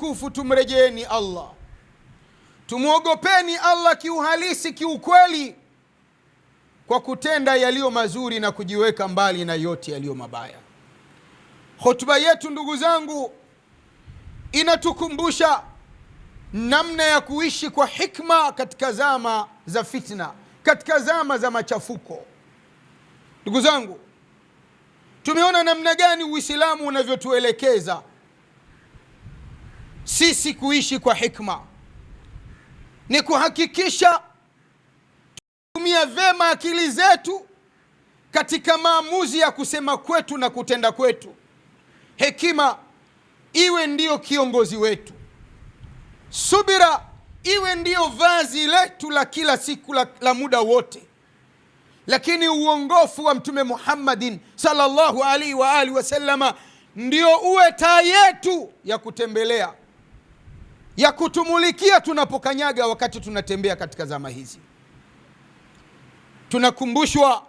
kufu tumrejeeni Allah, tumwogopeni Allah kiuhalisi, kiukweli, kwa kutenda yaliyo mazuri na kujiweka mbali na yote yaliyo mabaya. Hotuba yetu ndugu zangu, inatukumbusha namna ya kuishi kwa hikma katika zama za fitna, katika zama za machafuko. Ndugu zangu, tumeona namna gani Uislamu unavyotuelekeza sisi kuishi kwa hikma ni kuhakikisha tumia vyema akili zetu katika maamuzi ya kusema kwetu na kutenda kwetu. Hekima iwe ndiyo kiongozi wetu, subira iwe ndiyo vazi letu la kila siku la, la muda wote, lakini uongofu wa Mtume Muhammadin sallallahu alaihi wa alihi ndio uwe taa yetu ya kutembelea ya kutumulikia tunapokanyaga wakati tunatembea katika zama hizi. Tunakumbushwa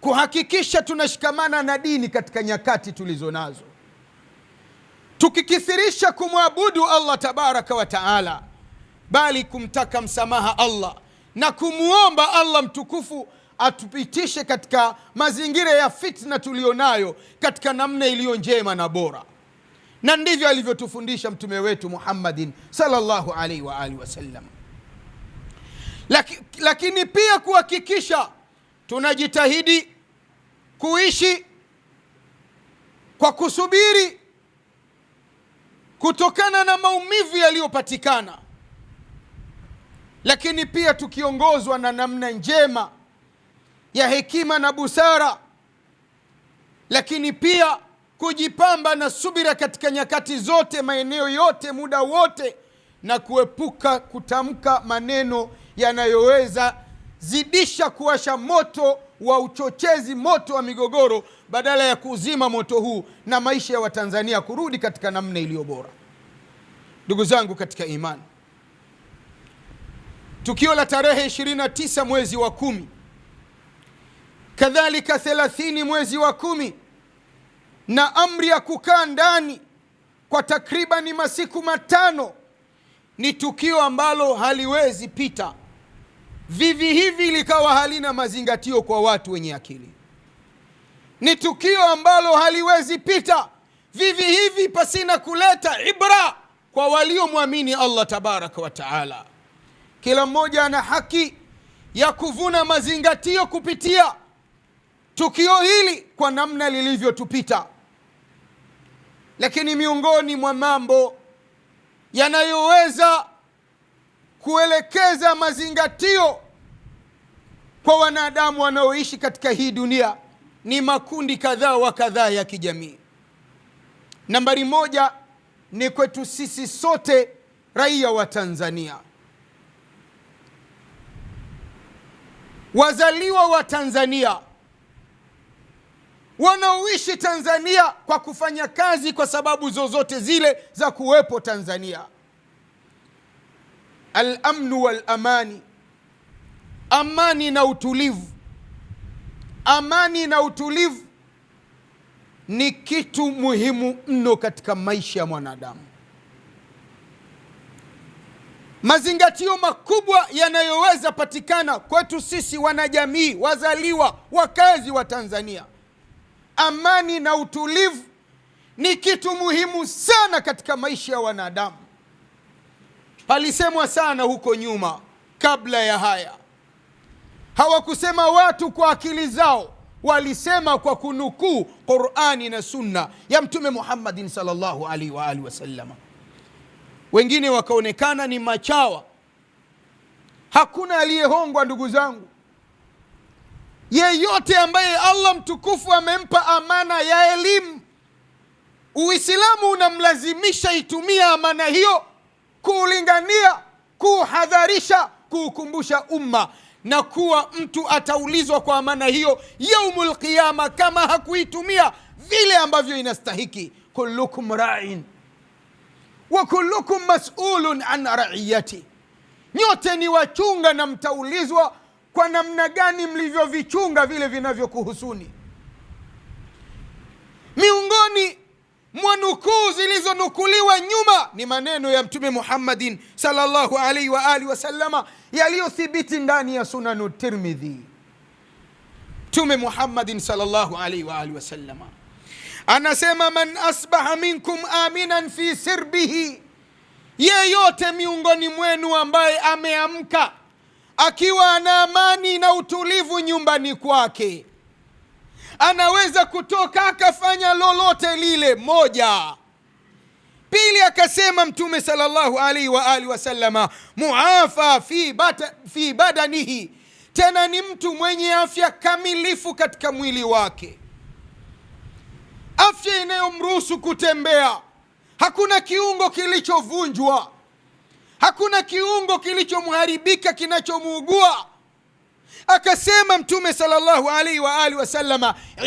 kuhakikisha tunashikamana na dini katika nyakati tulizo nazo, tukikithirisha kumwabudu Allah tabaraka wa taala, bali kumtaka msamaha Allah na kumwomba Allah mtukufu atupitishe katika mazingira ya fitna tuliyonayo katika namna iliyo njema na bora na ndivyo alivyotufundisha mtume wetu Muhammadin sallallahu alaihi wa alihi wasallam. Laki, lakini pia kuhakikisha tunajitahidi kuishi kwa kusubiri kutokana na maumivu yaliyopatikana, lakini pia tukiongozwa na namna njema ya hekima na busara, lakini pia kujipamba na subira katika nyakati zote, maeneo yote, muda wote, na kuepuka kutamka maneno yanayoweza zidisha kuwasha moto wa uchochezi, moto wa migogoro, badala ya kuzima moto huu na maisha ya Watanzania kurudi katika namna iliyo bora. Ndugu zangu katika imani, tukio la tarehe 29 mwezi wa kumi, kadhalika 30 mwezi wa kumi na amri ya kukaa ndani kwa takribani masiku matano ni tukio ambalo haliwezi pita vivi hivi, likawa halina mazingatio kwa watu wenye akili. Ni tukio ambalo haliwezi pita vivi hivi pasina kuleta ibra kwa waliomwamini Allah tabaraka wa taala. Kila mmoja ana haki ya kuvuna mazingatio kupitia tukio hili kwa namna lilivyotupita. Lakini miongoni mwa mambo yanayoweza kuelekeza mazingatio kwa wanadamu wanaoishi katika hii dunia ni makundi kadhaa wa kadhaa ya kijamii. Nambari moja ni kwetu sisi sote raia wa Tanzania, wazaliwa wa Tanzania wanaoishi Tanzania kwa kufanya kazi kwa sababu zozote zile za kuwepo Tanzania. Al-amnu wal-amani, amani na utulivu. Amani na utulivu ni kitu muhimu mno katika maisha ya mwanadamu. Mazingatio makubwa yanayoweza patikana kwetu sisi wanajamii wazaliwa wakazi wa Tanzania amani na utulivu ni kitu muhimu sana katika maisha ya wanadamu. Palisemwa sana huko nyuma, kabla ya haya. Hawakusema watu kwa akili zao, walisema kwa kunukuu Qurani na Sunna ya Mtume Muhammadin sallallahu alaihi wa alihi wasallam. Wengine wakaonekana ni machawa. Hakuna aliyehongwa, ndugu zangu yeyote ambaye Allah mtukufu amempa amana ya elimu. Uislamu unamlazimisha itumia amana hiyo kuulingania, kuuhadharisha, kuukumbusha umma na kuwa mtu ataulizwa kwa amana hiyo yaumu lqiama kama hakuitumia vile ambavyo inastahiki. kullukum rain wa kullukum masulun an raiyati, nyote ni wachunga na mtaulizwa kwa namna gani mlivyovichunga vile vinavyokuhusuni. Miongoni mwa nukuu zilizonukuliwa nyuma ni maneno ya Mtume Muhammadin sallallahu alaihi wa alihi wasallama yaliyothibiti ndani ya Sunanu Tirmidhi. Mtume Muhammadin sallallahu alaihi wa alihi wasallama anasema, man asbaha minkum aminan fi sirbihi, yeyote miongoni mwenu ambaye ameamka akiwa ana amani na utulivu nyumbani kwake, anaweza kutoka akafanya lolote lile. Moja. Pili, akasema Mtume salllahu alaihi wa alihi muafa fi, bata, fi badanihi, tena ni mtu mwenye afya kamilifu katika mwili wake, afya inayomruhusu kutembea, hakuna kiungo kilichovunjwa hakuna kiungo kilichomharibika kinachomuugua. Akasema Mtume sallallahu alaihi wa alihi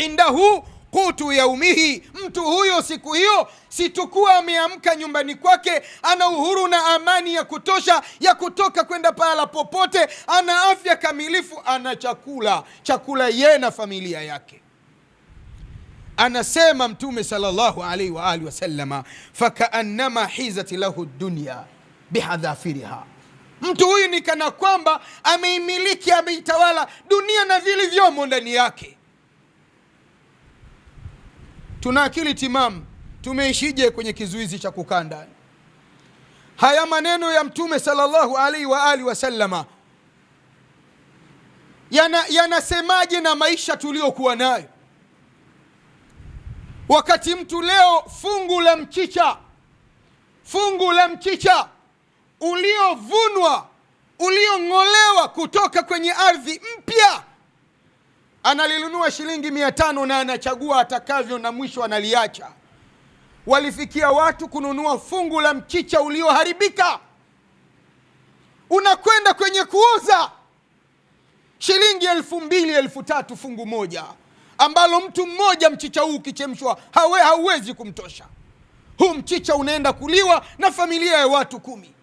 indahu qutu yaumihi, mtu huyo siku hiyo situkuwa ameamka nyumbani kwake, ana uhuru na amani ya kutosha ya kutoka kwenda pahala popote, ana afya kamilifu, ana chakula chakula ye na familia yake. Anasema Mtume sallallahu alaihi wa alihi fakaannama hizat lahu dunya bihadhafiriha. Mtu huyu ni kana kwamba ameimiliki, ameitawala dunia na vilivyomo ndani yake. Tuna akili timamu, tumeishije kwenye kizuizi cha kukaa ndani? Haya maneno ya Mtume sallallahu alaihi wa alihi wasallama yanasemaje yana na maisha tuliyokuwa nayo? Wakati mtu leo fungu la mchicha, fungu la mchicha uliovunwa uliong'olewa kutoka kwenye ardhi mpya analinunua shilingi mia tano na anachagua atakavyo na mwisho analiacha walifikia watu kununua fungu la mchicha ulioharibika unakwenda kwenye kuuza shilingi elfu mbili elfu tatu fungu moja ambalo mtu mmoja mchicha huu ukichemshwa hauwezi kumtosha huu mchicha unaenda kuliwa na familia ya watu kumi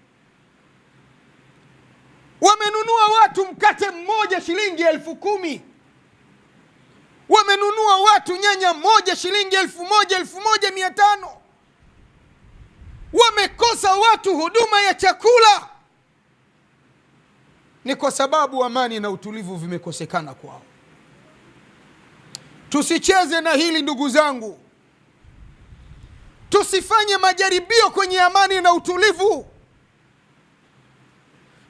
Wamenunua watu mkate mmoja shilingi elfu kumi wamenunua watu nyanya moja shilingi elfu moja elfu moja mia tano Wamekosa watu huduma ya chakula, ni kwa sababu amani na utulivu vimekosekana kwao. Tusicheze na hili ndugu zangu, tusifanye majaribio kwenye amani na utulivu.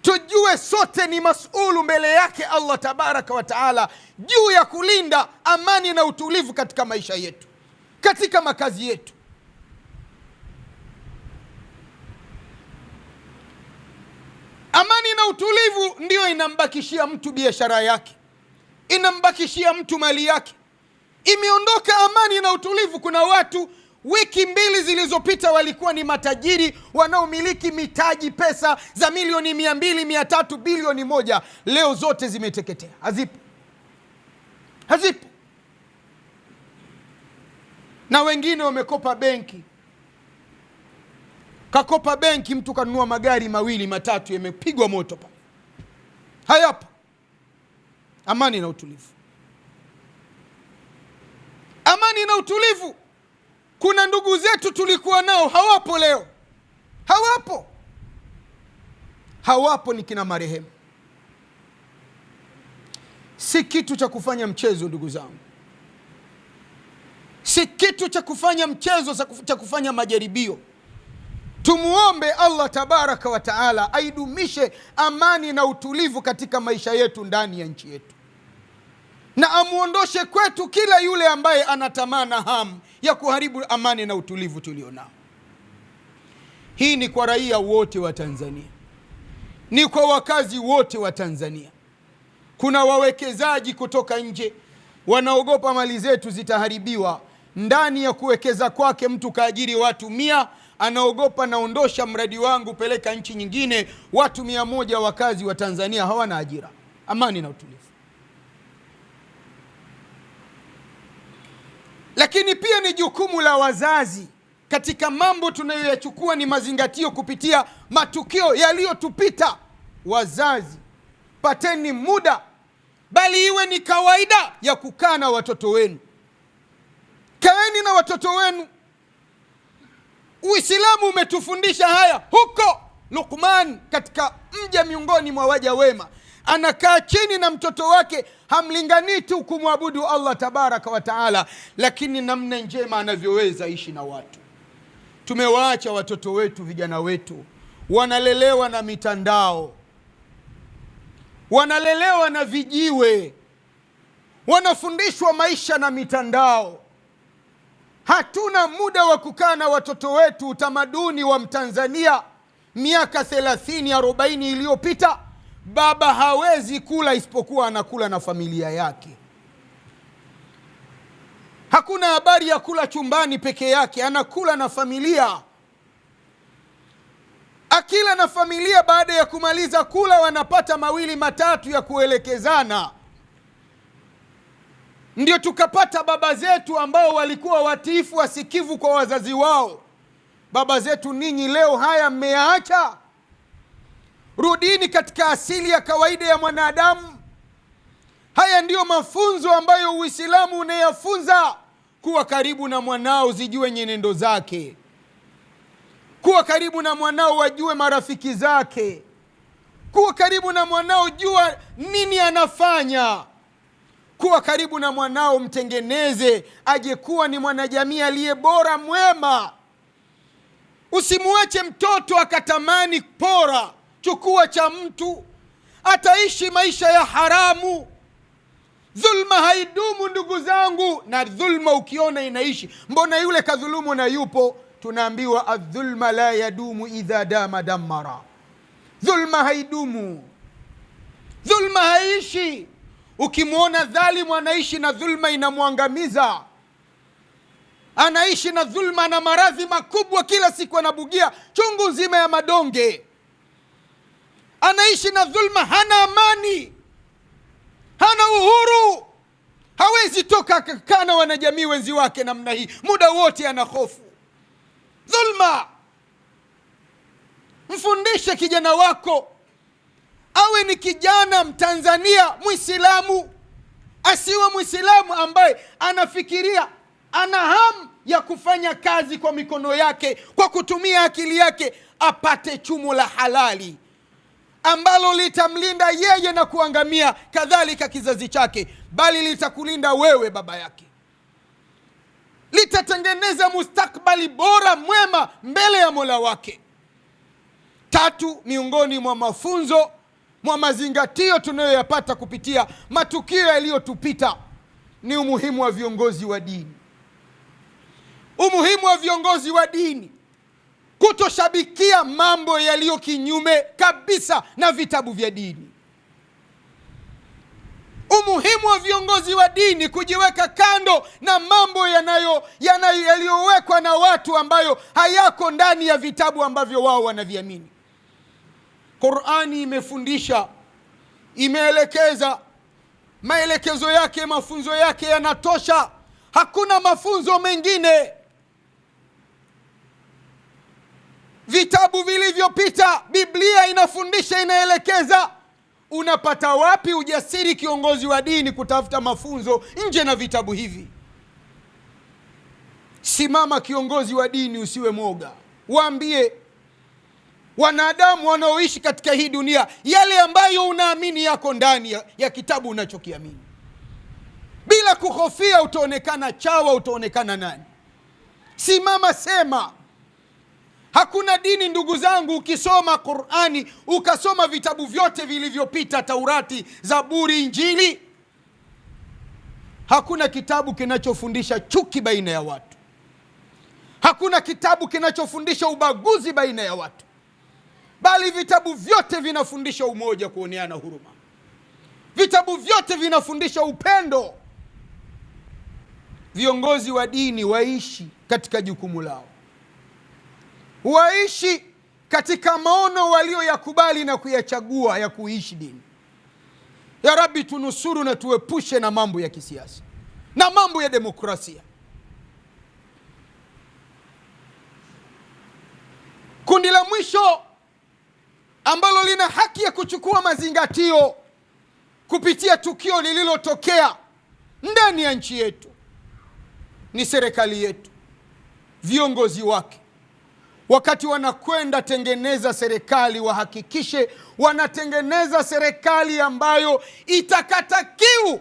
Tujue sote ni masulu mbele yake Allah tabaraka wa taala juu ya kulinda amani na utulivu katika maisha yetu, katika makazi yetu. Amani na utulivu ndiyo inambakishia mtu biashara yake, inambakishia mtu mali yake. Imeondoka amani na utulivu, kuna watu Wiki mbili zilizopita walikuwa ni matajiri wanaomiliki mitaji pesa za milioni mia mbili, mia tatu, bilioni moja. Leo zote zimeteketea, hazipo, hazipo. Na wengine wamekopa benki, kakopa benki mtu kanunua magari mawili matatu, yamepigwa moto pa hayapo. Amani na utulivu, amani na utulivu kuna ndugu zetu tulikuwa nao hawapo, leo hawapo, hawapo ni kina marehemu. Si kitu cha kufanya mchezo, ndugu zangu, si kitu cha kufanya mchezo, cha kufanya majaribio. Tumuombe Allah tabaraka wa taala aidumishe amani na utulivu katika maisha yetu ndani ya nchi yetu na amwondoshe kwetu kila yule ambaye anatamana hamu ya kuharibu amani na utulivu tulionao. Hii ni kwa raia wote wa Tanzania, ni kwa wakazi wote wa Tanzania. Kuna wawekezaji kutoka nje wanaogopa mali zetu zitaharibiwa. Ndani ya kuwekeza kwake mtu kaajiri watu mia, anaogopa naondosha mradi wangu peleka nchi nyingine, watu mia moja. Wakazi wa Tanzania hawana ajira, amani na utulivu. Lakini pia ni jukumu la wazazi katika mambo tunayoyachukua ni mazingatio kupitia matukio yaliyotupita. Wazazi, pateni muda, bali iwe ni kawaida ya kukaa na watoto wenu. Kaeni na watoto wenu. Uislamu umetufundisha haya huko Luqman, katika mja miongoni mwa waja wema anakaa chini na mtoto wake, hamlinganii tu kumwabudu Allah tabaraka wataala lakini namna njema anavyoweza ishi na watu. Tumewaacha watoto wetu, vijana wetu wanalelewa na mitandao, wanalelewa na vijiwe, wanafundishwa maisha na mitandao. Hatuna muda wa kukaa na watoto wetu. Utamaduni wa Mtanzania miaka thelathini arobaini iliyopita baba hawezi kula isipokuwa anakula na familia yake. Hakuna habari ya kula chumbani peke yake, anakula na familia. Akila na familia, baada ya kumaliza kula, wanapata mawili matatu ya kuelekezana. Ndio tukapata baba zetu ambao walikuwa watiifu, wasikivu kwa wazazi wao. Baba zetu ninyi leo haya mmeyaacha. Rudini katika asili ya kawaida ya mwanadamu. Haya ndiyo mafunzo ambayo Uislamu unayafunza: kuwa karibu na mwanao, zijue nyenendo zake, kuwa karibu na mwanao, wajue marafiki zake, kuwa karibu na mwanao, jua nini anafanya kuwa karibu na mwanao, mtengeneze aje kuwa ni mwanajamii aliye bora, mwema. Usimwache mtoto akatamani pora chukua cha mtu, ataishi maisha ya haramu. Dhulma haidumu ndugu zangu, na dhulma ukiona inaishi, mbona yule kadhulumu na yupo? Tunaambiwa adhulma la yadumu idha dama dammara dhulma haidumu, dhulma haishi. Ukimwona dhalimu anaishi na dhulma inamwangamiza, anaishi na dhulma na maradhi makubwa, kila siku anabugia chungu nzima ya madonge anaishi na dhulma, hana amani, hana uhuru, hawezi toka akakaa na wanajamii wenzi wake namna hii, muda wote ana hofu, dhulma. Mfundishe kijana wako awe ni kijana Mtanzania Mwislamu, asiwe Mwislamu ambaye anafikiria ana hamu ya kufanya kazi kwa mikono yake, kwa kutumia akili yake apate chumo la halali ambalo litamlinda yeye na kuangamia, kadhalika kizazi chake, bali litakulinda wewe baba yake, litatengeneza mustakbali bora mwema mbele ya Mola wake. Tatu, miongoni mwa mafunzo mwa mazingatio tunayoyapata kupitia matukio yaliyotupita ni umuhimu wa viongozi wa dini, umuhimu wa viongozi wa dini kutoshabikia mambo yaliyo kinyume kabisa na vitabu vya dini. Umuhimu wa viongozi wa dini kujiweka kando na mambo yanayo yaliyowekwa na watu ambayo hayako ndani ya vitabu ambavyo wao wanaviamini. Qurani imefundisha, imeelekeza, maelekezo yake, mafunzo yake yanatosha. Hakuna mafunzo mengine vitabu vilivyopita, Biblia inafundisha, inaelekeza. Unapata wapi ujasiri kiongozi wa dini kutafuta mafunzo nje na vitabu hivi? Simama kiongozi wa dini, usiwe mwoga, waambie wanadamu wanaoishi katika hii dunia yale ambayo unaamini yako ndani ya, ya kitabu unachokiamini, bila kuhofia utaonekana chawa, utaonekana nani. Simama, sema Hakuna dini ndugu zangu, ukisoma Qurani ukasoma vitabu vyote vilivyopita, Taurati, Zaburi, Injili, hakuna kitabu kinachofundisha chuki baina ya watu. Hakuna kitabu kinachofundisha ubaguzi baina ya watu, bali vitabu vyote vinafundisha umoja, kuoneana huruma. Vitabu vyote vinafundisha upendo. Viongozi wa dini waishi katika jukumu lao waishi katika maono walioyakubali na kuyachagua ya kuishi dini. Ya rabi tunusuru na tuepushe na mambo ya kisiasa na mambo ya demokrasia. Kundi la mwisho ambalo lina haki ya kuchukua mazingatio kupitia tukio lililotokea ndani ya nchi yetu ni serikali yetu, viongozi wake Wakati wanakwenda tengeneza serikali, wahakikishe wanatengeneza serikali ambayo itakata kiu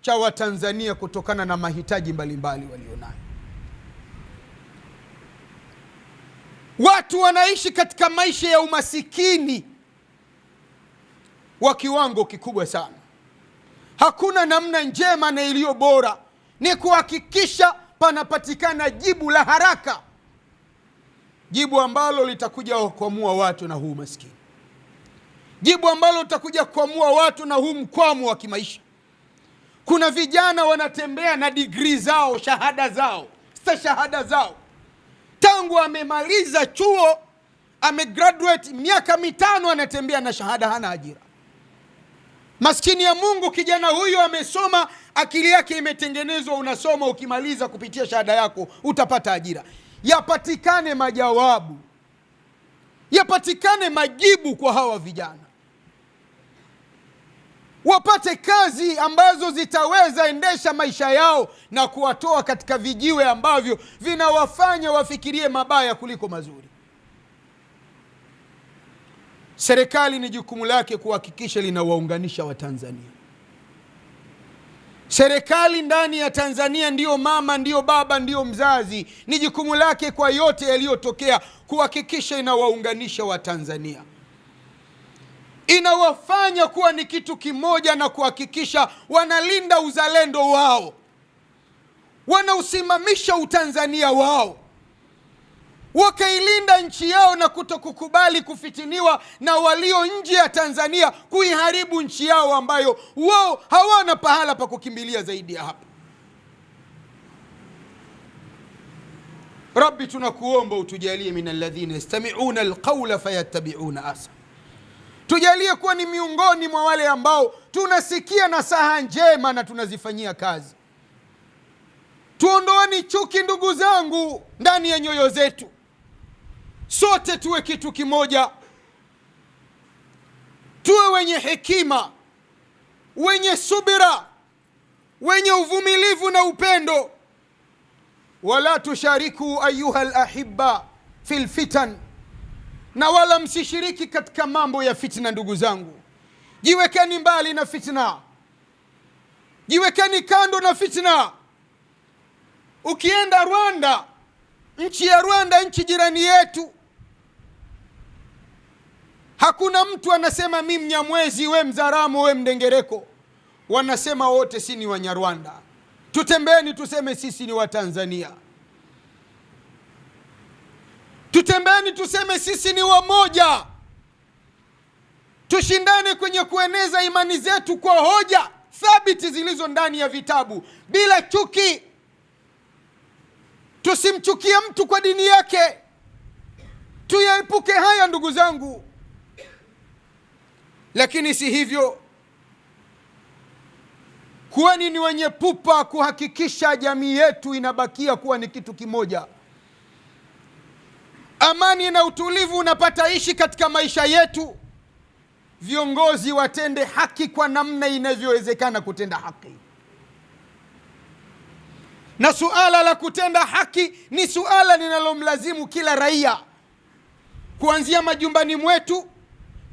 cha Watanzania kutokana na mahitaji mbalimbali walionayo. Watu wanaishi katika maisha ya umasikini wa kiwango kikubwa sana. Hakuna namna njema na iliyo bora, ni kuhakikisha panapatikana jibu la haraka jibu ambalo litakuja kuamua watu na huu maskini, jibu ambalo litakuja kuamua watu na huu mkwamo wa kimaisha. Kuna vijana wanatembea na digrii zao, shahada zao, stashahada zao, tangu amemaliza chuo amegraduate miaka mitano, anatembea na shahada, hana ajira. Maskini ya Mungu, kijana huyo amesoma, akili yake imetengenezwa. Unasoma ukimaliza kupitia shahada yako utapata ajira yapatikane majawabu, yapatikane majibu kwa hawa vijana, wapate kazi ambazo zitaweza endesha maisha yao na kuwatoa katika vijiwe ambavyo vinawafanya wafikirie mabaya kuliko mazuri. Serikali ni jukumu lake kuhakikisha linawaunganisha Watanzania Serikali ndani ya Tanzania ndiyo mama, ndiyo baba, ndiyo mzazi. Ni jukumu lake kwa yote yaliyotokea kuhakikisha inawaunganisha Watanzania, inawafanya kuwa ni kitu kimoja na kuhakikisha wanalinda uzalendo wao, wanausimamisha utanzania wao wakailinda nchi yao na kutokukubali kufitiniwa na walio nje ya Tanzania kuiharibu nchi yao ambayo wao hawana pahala pa kukimbilia zaidi ya hapa. Rabbi, tunakuomba utujalie min alladhina yastamiuna alqaula fayattabiuna asa, tujalie kuwa ni miongoni mwa wale ambao tunasikia nasaha njema na tunazifanyia kazi. Tuondoeni chuki, ndugu zangu, ndani ya nyoyo zetu. Sote tuwe kitu kimoja, tuwe wenye hekima, wenye subira, wenye uvumilivu na upendo. Wala tushariku ayuha lahiba fi lfitan, na wala msishiriki katika mambo ya fitna. Ndugu zangu, jiwekeni mbali na fitna, jiwekeni kando na fitna. Ukienda Rwanda, nchi ya Rwanda, nchi jirani yetu Hakuna mtu anasema mi Mnyamwezi, we Mzaramo, we Mdengereko. Wanasema wote si ni Wanyarwanda. Tutembeni tuseme sisi ni Watanzania, tutembeni tuseme sisi ni wamoja, tushindane kwenye kueneza imani zetu kwa hoja thabiti zilizo ndani ya vitabu bila chuki. Tusimchukie mtu kwa dini yake, tuyaepuke haya ndugu zangu. Lakini si hivyo, kwani ni wenye pupa kuhakikisha jamii yetu inabakia kuwa ni kitu kimoja. Amani na utulivu unapata ishi katika maisha yetu. Viongozi watende haki kwa namna inavyowezekana kutenda haki, na suala la kutenda haki ni suala linalomlazimu kila raia, kuanzia majumbani mwetu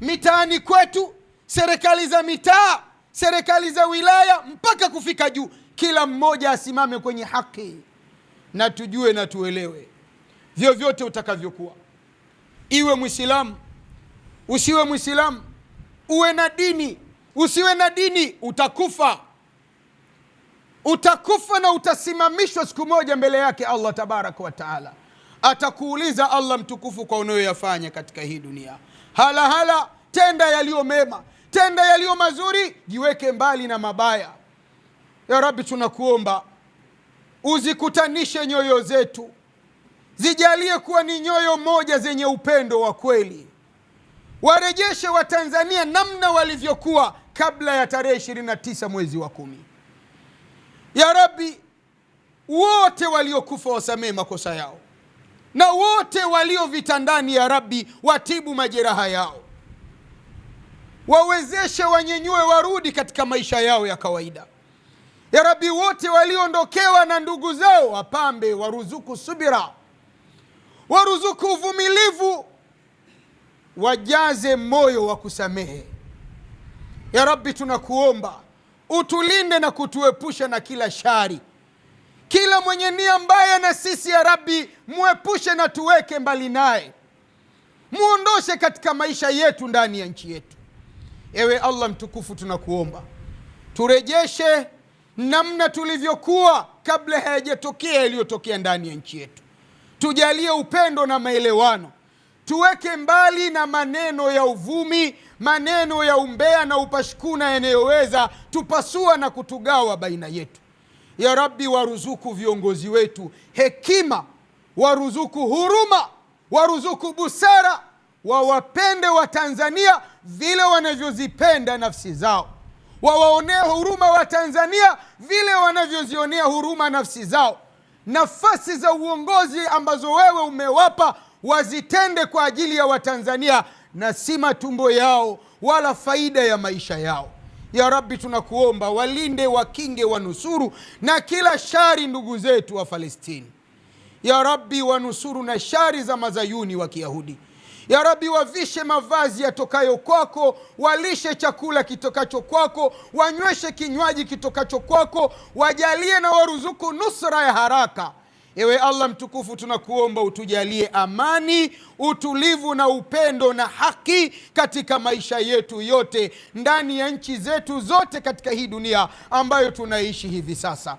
mitaani kwetu, serikali za mitaa, serikali za wilaya, mpaka kufika juu, kila mmoja asimame kwenye haki na tujue na tuelewe, vyovyote utakavyokuwa, iwe Mwislamu usiwe Mwislamu, uwe na dini usiwe na dini, utakufa utakufa na utasimamishwa siku moja mbele yake Allah tabaraka wa taala. Atakuuliza Allah mtukufu kwa unayoyafanya katika hii dunia. Hala hala, tenda yaliyo mema, tenda yaliyo mazuri, jiweke mbali na mabaya. Ya Rabbi, tunakuomba uzikutanishe nyoyo zetu, zijalie kuwa ni nyoyo moja zenye upendo wa kweli. Warejeshe Watanzania namna walivyokuwa kabla ya tarehe 29 mwezi wa kumi. Ya Rabbi, wote waliokufa wasamee makosa yao na wote walio vitandani, ya Rabbi, watibu majeraha yao, wawezeshe, wanyenyue, warudi katika maisha yao ya kawaida. Ya Rabbi, wote waliondokewa na ndugu zao wapambe, waruzuku subira, waruzuku uvumilivu, wajaze moyo wa kusamehe. Ya Rabbi, tunakuomba utulinde na kutuepusha na kila shari kila mwenye nia mbaya na sisi, ya rabi mwepushe na tuweke mbali naye, muondoshe katika maisha yetu, ndani ya nchi yetu. Ewe Allah mtukufu, tunakuomba turejeshe namna tulivyokuwa kabla hayajatokea yaliyotokea ndani ya nchi yetu. Tujalie upendo na maelewano, tuweke mbali na maneno ya uvumi, maneno ya umbea na upashukuna yanayoweza tupasua na kutugawa baina yetu ya Rabbi, waruzuku viongozi wetu hekima, waruzuku huruma, waruzuku busara, wawapende Watanzania vile wanavyozipenda nafsi zao, wawaonee huruma Watanzania vile wanavyozionea huruma nafsi zao. Nafasi za uongozi ambazo wewe umewapa wazitende kwa ajili ya Watanzania na si matumbo yao wala faida ya maisha yao. Ya Rabbi, tunakuomba walinde, wakinge, wanusuru na kila shari ndugu zetu wa Falestini. Ya Rabbi, wanusuru na shari za mazayuni wa Kiyahudi. Ya Rabbi, wavishe mavazi yatokayo kwako, walishe chakula kitokacho kwako, wanyweshe kinywaji kitokacho kwako, wajalie na waruzuku nusra ya haraka Ewe Allah mtukufu, tunakuomba utujalie amani, utulivu na upendo na haki katika maisha yetu yote, ndani ya nchi zetu zote, katika hii dunia ambayo tunaishi hivi sasa.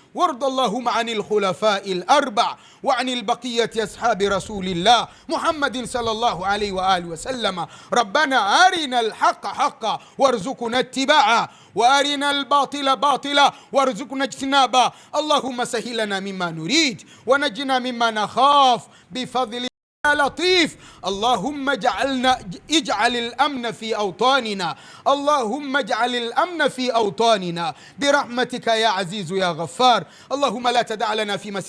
وارض اللهم عن الخلفاء الأربع وعن البقية أصحاب رسول الله محمد صلى الله عليه وآله وسلم ربنا أرنا الحق حقا وارزقنا اتباعه وارنا الباطل باطلا وارزقنا اجتنابا اللهم سهلنا مما نريد ونجنا مما نخاف بفضل لطيف اللهم اجعلنا اجعل الامن في اوطاننا اللهم اجعل الامن في اوطاننا برحمتك يا عزيز يا غفار اللهم لا تدع لنا في مس